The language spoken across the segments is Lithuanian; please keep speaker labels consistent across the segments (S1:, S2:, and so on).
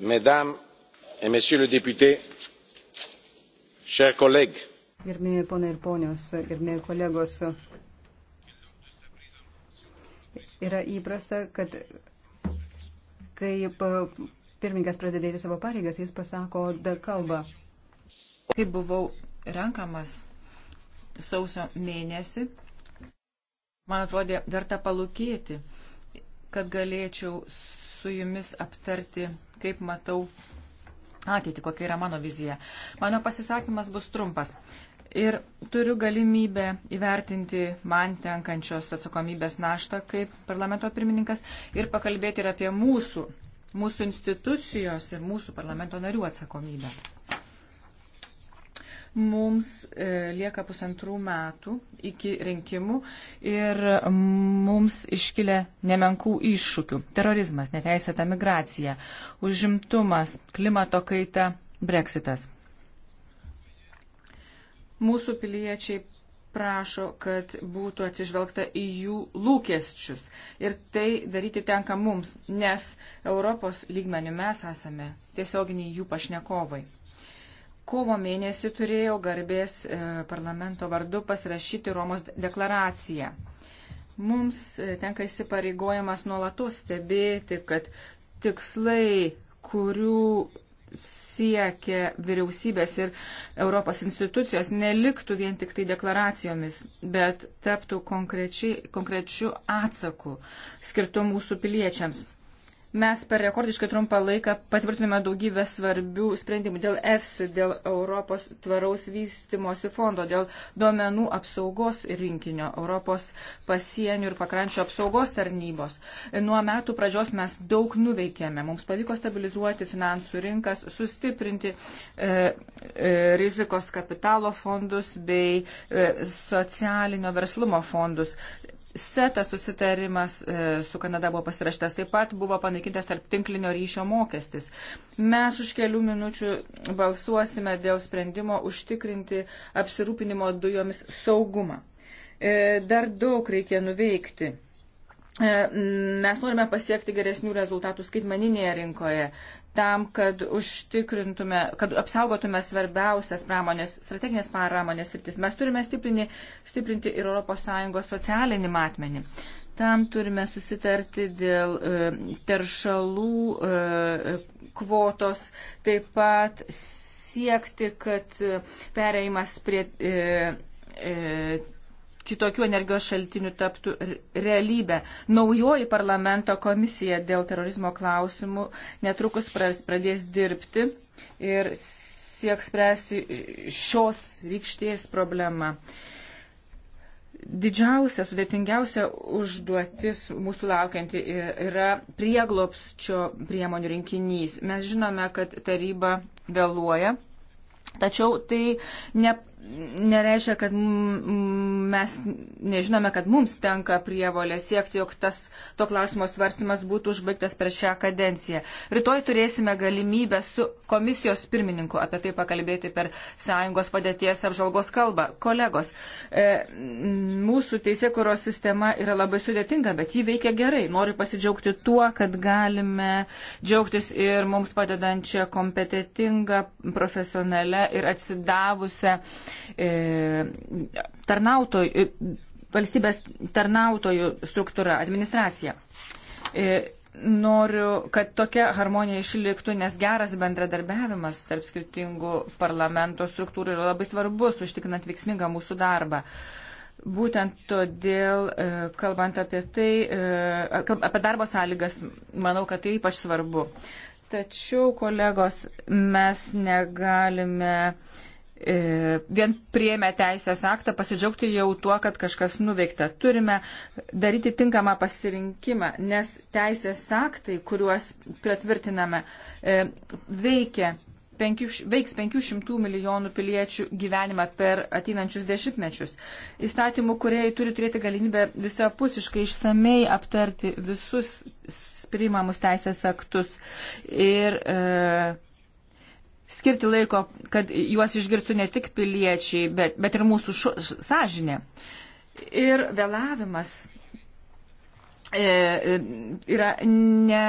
S1: mesdames et messieurs les députés chers collègues Gerbėjai ponai ir ponios, gerbėjai kolegos, yra įprasta, kad kai pirmininkas pradedėti savo pareigas, jis pasako dar kalbą. Kai buvau renkamas sausio mėnesį, man atrodė verta palūkėti, kad galėčiau su jumis aptarti kaip matau ateitį, kokia yra mano vizija. Mano pasisakymas bus trumpas. Ir turiu galimybę įvertinti man tenkančios atsakomybės naštą kaip parlamento pirmininkas ir pakalbėti ir apie mūsų, mūsų institucijos ir mūsų parlamento narių atsakomybę. Mums e, lieka pusantrų metų iki rinkimų ir mums iškilė nemenkų iššūkių. Terorizmas, neteisėta migracija, užimtumas, klimato kaita, breksitas. Mūsų piliečiai prašo, kad būtų atsižvelgta į jų lūkesčius. Ir tai daryti tenka mums, nes Europos lygmenių mes esame tiesioginiai jų pašnekovai. Kovo mėnesį turėjau garbės e, parlamento vardu pasirašyti Romos deklaraciją. Mums e, tenka įsipareigojimas nuolatos stebėti, kad tikslai, kurių siekia vyriausybės ir Europos institucijos, neliktų vien tik tai deklaracijomis, bet taptų konkrečiu atsaku skirtu mūsų piliečiams. Mes per rekordiškai trumpą laiką patvirtiname daugybę svarbių sprendimų dėl EFSI, dėl Europos tvaraus vystimosi fondo, dėl duomenų apsaugos rinkinio, Europos pasienių ir pakrančio apsaugos tarnybos. Nuo metų pradžios mes daug nuveikėme. Mums pavyko stabilizuoti finansų rinkas, sustiprinti e, e, rizikos kapitalo fondus bei e, socialinio verslumo fondus. SETA susitarimas e, su Kanada buvo pasirašytas, taip pat buvo panaikintas tarp tinklinio ryšio mokestis. Mes už kelių minučių balsuosime dėl sprendimo užtikrinti apsirūpinimo dujomis saugumą. E, dar daug reikia nuveikti. E, mes norime pasiekti geresnių rezultatų skaitmeninėje rinkoje tam, kad užtikrintume, kad apsaugotume svarbiausias pramonės, strateginės pramonės sritis. Mes turime stiprinti, stiprinti ir ES socialinį matmenį. Tam turime susitarti dėl e, teršalų e, kvotos, taip pat siekti, kad pereimas prie. E, e, kitokių energijos šaltinių taptų realybę. Naujoji parlamento komisija dėl terorizmo klausimų netrukus pradės dirbti ir sieks spręsti šios rykštės problemą. Didžiausia, sudėtingiausia užduotis mūsų laukianti yra prieglopsčio priemonių rinkinys. Mes žinome, kad taryba vėluoja Tačiau tai ne, nereiškia, kad mes nežinome, kad mums tenka prievolė siekti, jog tas to klausimo svarstymas būtų užbaigtas per šią kadenciją. Rytoj turėsime galimybę su komisijos pirmininku apie tai pakalbėti per sąjungos padėties apžalgos kalbą. Kolegos, e, mūsų teisėkuros sistema yra labai sudėtinga, bet ji veikia gerai. Noriu pasidžiaugti tuo, kad galime džiaugtis ir mums padedančią kompetitingą, profesionalę ir atsidavusią E, tarnautojų, e, valstybės tarnautojų struktūra, administracija. E, noriu, kad tokia harmonija išliktų, nes geras bendradarbiavimas tarp skirtingų parlamento struktūrų yra labai svarbus, užtikrinant veiksmingą mūsų darbą. Būtent todėl, kalbant apie tai, apie darbo sąlygas, manau, kad tai ypač svarbu. Tačiau, kolegos, mes negalime E, vien prieėmę teisės aktą pasidžiaugti jau tuo, kad kažkas nuveikta. Turime daryti tinkamą pasirinkimą, nes teisės aktai, kuriuos pritvirtiname, e, veikia. 5, veiks 500 milijonų piliečių gyvenimą per ateinančius dešimtmečius. Įstatymų, kurie turi turėti galimybę visapusiškai išsamei aptarti visus priimamus teisės aktus ir e, skirti laiko, kad juos išgirstų ne tik piliečiai, bet, bet ir mūsų šu, sąžinė. Ir vėlavimas e, e yra ne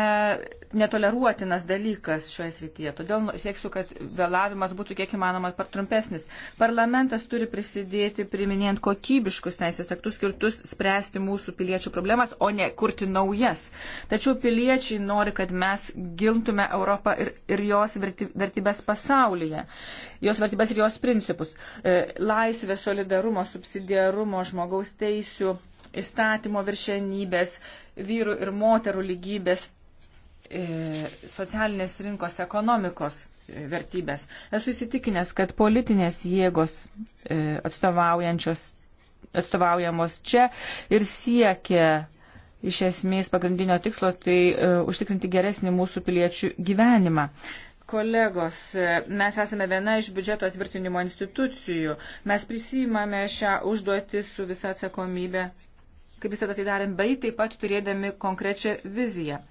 S1: netoleruotinas dalykas šioje srityje. Todėl nu, sieksiu, kad vėlavimas būtų kiek įmanoma trumpesnis. Parlamentas turi prisidėti priminėjant kokybiškus teisės aktus skirtus spręsti mūsų piliečių problemas, o ne kurti naujas. Tačiau piliečiai nori, kad mes giltume Europą ir, ir jos vertybės pasaulyje, jos vertybės ir jos principus. E, laisvė, solidarumo, subsidiarumo, žmogaus teisų įstatymo viršenybės, vyrų ir moterų lygybės, E, socialinės rinkos ekonomikos e, vertybės. Esu įsitikinęs, kad politinės jėgos e, atstovaujamos čia ir siekia iš esmės pagrindinio tikslo, tai uh, užtikrinti geresnį mūsų piliečių gyvenimą. Kolegos, mes esame viena iš biudžeto atvirtinimo institucijų. Mes prisimame šią užduotį su visa atsakomybė, kaip visada tai darėm, bei taip pat turėdami konkrečią viziją.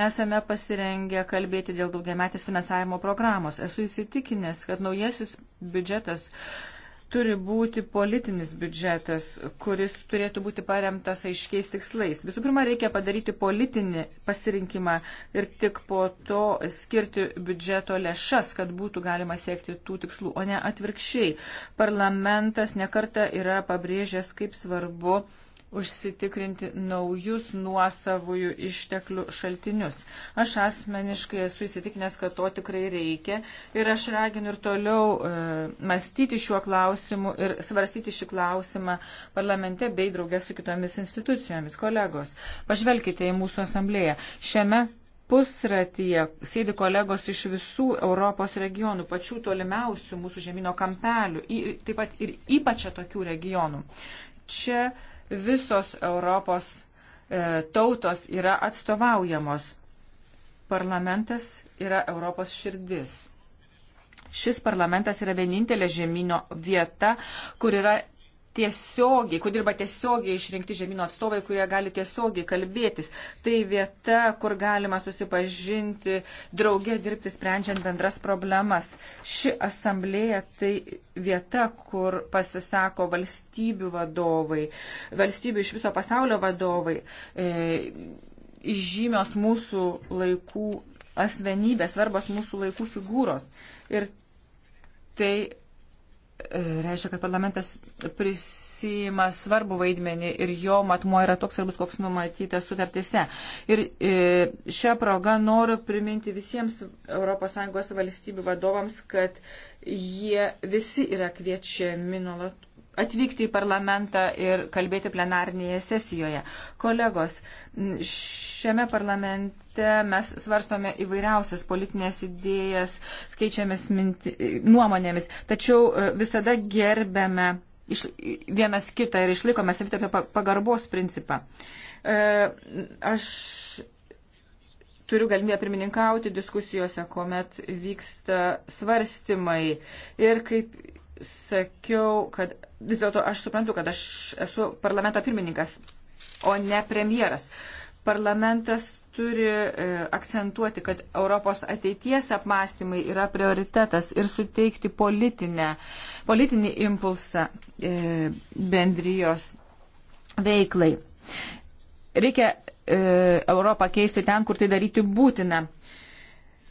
S1: Esame pasirengę kalbėti dėl daugiametės finansavimo programos. Esu įsitikinęs, kad naujasis biudžetas turi būti politinis biudžetas, kuris turėtų būti paremtas aiškiais tikslais. Visų pirma, reikia padaryti politinį pasirinkimą ir tik po to skirti biudžeto lėšas, kad būtų galima siekti tų tikslų, o ne atvirkščiai. Parlamentas nekarta yra pabrėžęs, kaip svarbu užsitikrinti naujus nuosavųjų išteklių šaltinius. Aš asmeniškai esu įsitikinęs, kad to tikrai reikia ir aš raginu ir toliau e, mąstyti šiuo klausimu ir svarstyti šį klausimą parlamente bei draugę su kitomis institucijomis. Kolegos, pažvelkite į mūsų asamblėją. Šiame pusratyje sėdi kolegos iš visų Europos regionų, pačių tolimiausių mūsų žemino kampelių, taip pat ir ypač tokių regionų. Čia uh, visos Europos e, tautos yra atstovaujamos. Parlamentas yra Europos širdis. Šis parlamentas yra vienintelė žemynio vieta, kur yra tiesiogiai, kur dirba tiesiogiai išrinkti žemynų atstovai, kurie gali tiesiogiai kalbėtis. Tai vieta, kur galima susipažinti, draugė dirbti, sprendžiant bendras problemas. Ši asamblėja tai vieta, kur pasisako valstybių vadovai, valstybių iš viso pasaulio vadovai, e, žymios mūsų laikų asmenybės, svarbos mūsų laikų figūros. Ir tai reiškia, kad parlamentas prisima svarbu vaidmenį ir jo matmuo yra toks svarbus, koks numatytas sutartise. Ir e, šią progą noriu priminti visiems ES valstybių vadovams, kad jie visi yra kviečiami nuolat atvykti į parlamentą ir kalbėti plenarnėje sesijoje. Kolegos, šiame parlamente mes svarstome įvairiausias politinės idėjas, keičiamės minti, nuomonėmis, tačiau e, visada gerbėme iš, vienas kitą ir išlikome savitą apie pagarbos principą. E, aš turiu galimybę pirmininkauti diskusijose, kuomet vyksta svarstymai ir kaip sakiau, kad vis dėlto aš suprantu, kad aš esu parlamento pirmininkas, o ne premjeras. Parlamentas turi e, akcentuoti, kad Europos ateities apmąstymai yra prioritetas ir suteikti politinę, politinį impulsą e, bendrijos veiklai. Reikia e, Europą keisti ten, kur tai daryti būtina.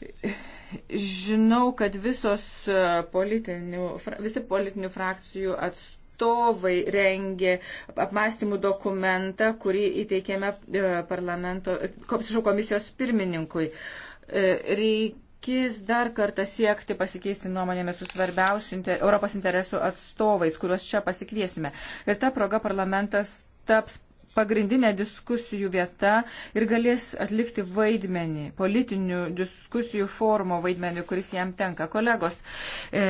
S1: E, Žinau, kad visos e, politinių, visi politinių frakcijų atstovai rengė apmąstymų dokumentą, kurį įteikėme e, parlamento, e, komisijos, komisijos pirmininkui. Reikės dar kartą siekti pasikeisti nuomonėmis su svarbiausių inter, Europos interesų atstovais, kuriuos čia pasikviesime. Ir ta proga parlamentas taps pagrindinė diskusijų vieta ir galės atlikti vaidmenį, politinių diskusijų formo vaidmenį, kuris jam tenka. Kolegos, e,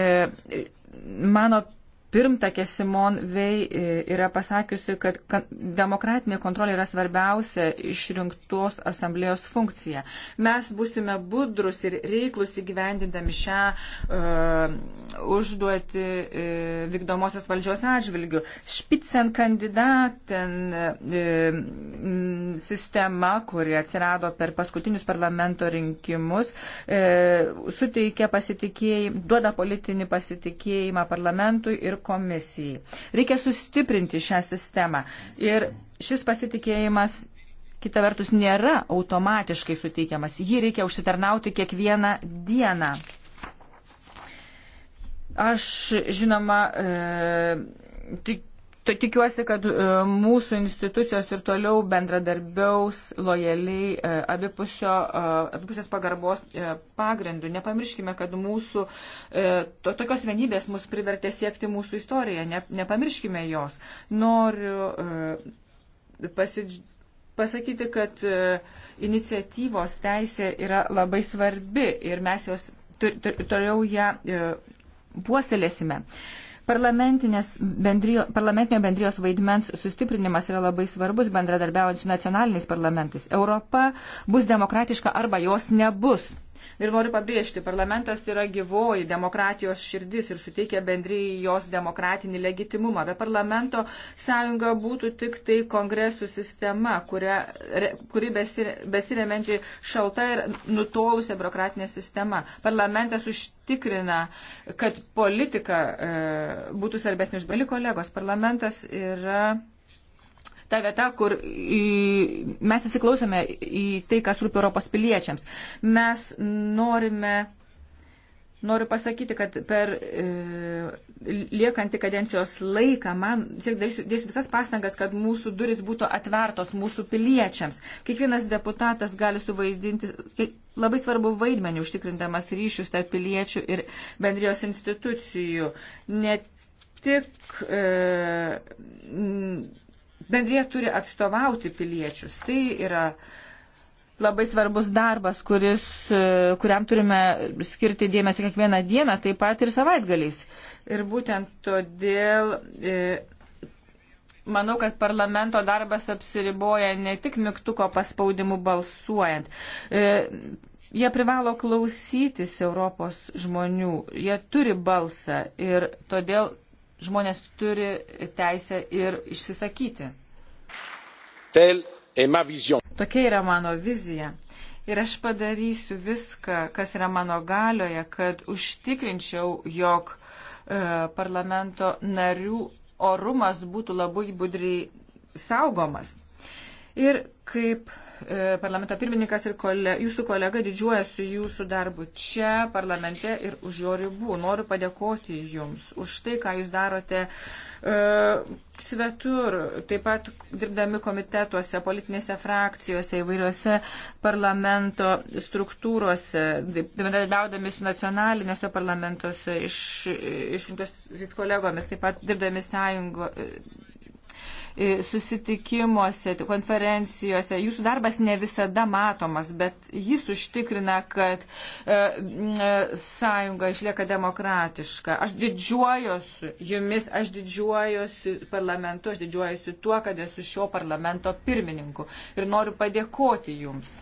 S1: mano pirmtakė Simon Vei e, yra pasakiusi, kad demokratinė kontrolė yra svarbiausia išrinktos asamblėjos funkcija. Mes būsime budrus ir reiklus įgyvendindami šią uh, e, užduoti uh, e, vykdomosios valdžios atžvilgių. Špicen kandidaten uh, sistema, kuri atsirado per paskutinius parlamento rinkimus, uh, suteikia pasitikėjimą, duoda politinį pasitikėjimą parlamentui ir komisijai. Reikia sustiprinti šią sistemą. Ir šis pasitikėjimas, kita vertus, nėra automatiškai suteikiamas. Jį reikia užsitarnauti kiekvieną dieną. Aš, žinoma, e, tik To tikiuosi, kad e, mūsų institucijos ir toliau bendradarbiaus lojaliai e, abipusio, e, abipusės pagarbos pagrindų. Nepamirškime, kad mūsų to, tokios vienybės mus privertė siekti mūsų istoriją. Ne, nepamirškime jos. Noriu pasidž... pasakyti, kad iniciatyvos teisė yra labai svarbi ir mes jos toliau ją puoselėsime. Tur, Bendrijo, parlamentinio bendrijos vaidmens sustiprinimas yra labai svarbus bendradarbiaujant su nacionaliniais parlamentais. Europa bus demokratiška arba jos nebus. Ir noriu pabrėžti, parlamentas yra gyvoji demokratijos širdis ir suteikia bendryjai jos demokratinį legitimumą. Be parlamento sąjunga būtų tik tai kongresų sistema, kuria, kuri besiremianti šalta ir nutolusią biurokratinę sistemą. Parlamentas užtikrina, kad politika e, būtų svarbesnė už bali kolegos. Parlamentas yra ta vieta, kur į, mes įsiklausome į tai, kas rūpi Europos piliečiams. Mes norime. Noriu pasakyti, kad per e, liekantį kadencijos laiką man siek darysiu, dėsiu visas pastangas, kad mūsų duris būtų atvertos mūsų piliečiams. Kiekvienas deputatas gali suvaidinti labai svarbu vaidmenį užtikrindamas ryšius tarp piliečių ir bendrijos institucijų. Ne tik e, bendrija turi atstovauti piliečius. Tai yra labai svarbus darbas, kuris, e, kuriam turime skirti dėmesį kiekvieną dieną, taip pat ir savaitgaliais. Ir būtent todėl e, manau, kad parlamento darbas apsiriboja ne tik mygtuko paspaudimu balsuojant. E, jie privalo klausytis Europos žmonių, jie turi balsą ir todėl žmonės turi teisę ir išsisakyti. Tokia yra mano vizija. Ir aš padarysiu viską, kas yra mano galioje, kad užtikrinčiau, jog e, parlamento narių orumas būtų labai budriai saugomas. Ir kaip E, parlamento pirmininkas ir kole, jūsų kolega didžiuojasi jūsų darbu čia, parlamente ir už jo ribų. Noriu padėkoti jums už tai, ką jūs darote e, svetur, taip pat dirbdami komitetuose, politinėse frakcijose, įvairiose parlamento struktūrose, bendradarbiaudami su nacionalinėse parlamentuose, iš, išrinktos kolegomis, taip pat dirbdami sąjungo. E, E, susitikimuose, konferencijose. Jūsų darbas ne visada matomas, bet jis užtikrina, kad e, e, sąjunga išlieka demokratiška. Aš didžiuojuosi jumis, aš didžiuojuosi parlamentu, aš didžiuojuosi tuo, kad esu šio parlamento pirmininku. Ir noriu padėkoti jums.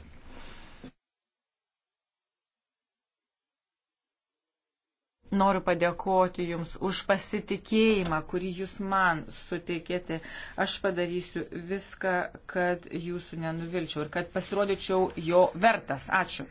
S1: Noriu padėkoti Jums už pasitikėjimą, kurį Jūs man suteikėte. Aš padarysiu viską, kad Jūsų nenuvilčiau ir kad pasirodyčiau jo vertas. Ačiū.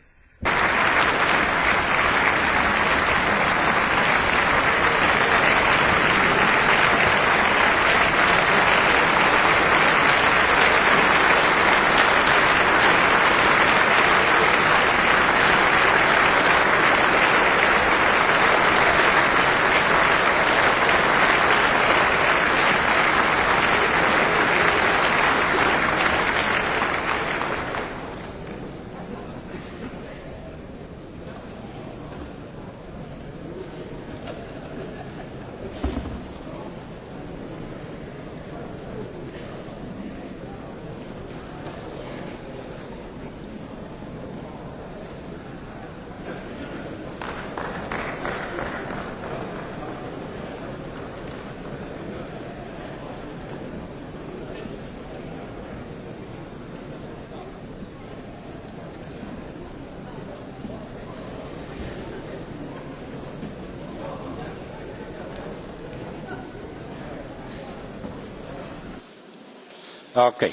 S1: Okay.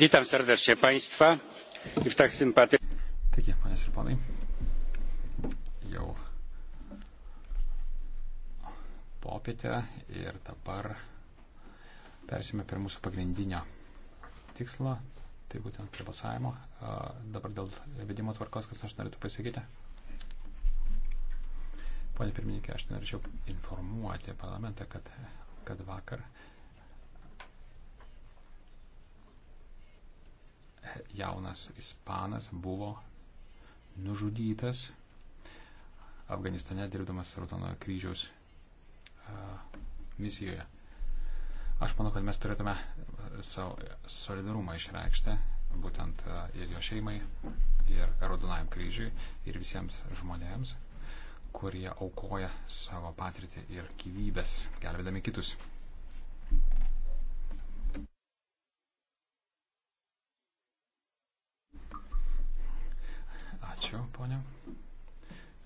S1: Witam serdecznie Państwa i w tak sympatycznym. Taigi, panie ir ponai, jau popietę ir dabar persime prie mūsų pagrindinio tikslo, tai būtent prie balsavimo. Dabar dėl vedimo tvarkos, kas aš norėtų pasakyti. Pone pirmininkė, aš norėčiau informuoti parlamentą, kad, kad vakar jaunas ispanas buvo nužudytas Afganistane dirbdamas Raudonojo kryžiaus misijoje. Aš manau, kad mes turėtume savo solidarumą išreikšti būtent ir jo šeimai, ir Raudonajam kryžiui, ir visiems žmonėms, kurie aukoja savo patirtį ir gyvybės, gelbėdami kitus. Ačiū, ponė,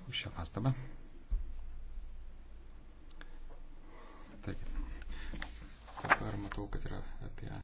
S1: už šią pastabą. Taigi, dabar matau, kad yra apie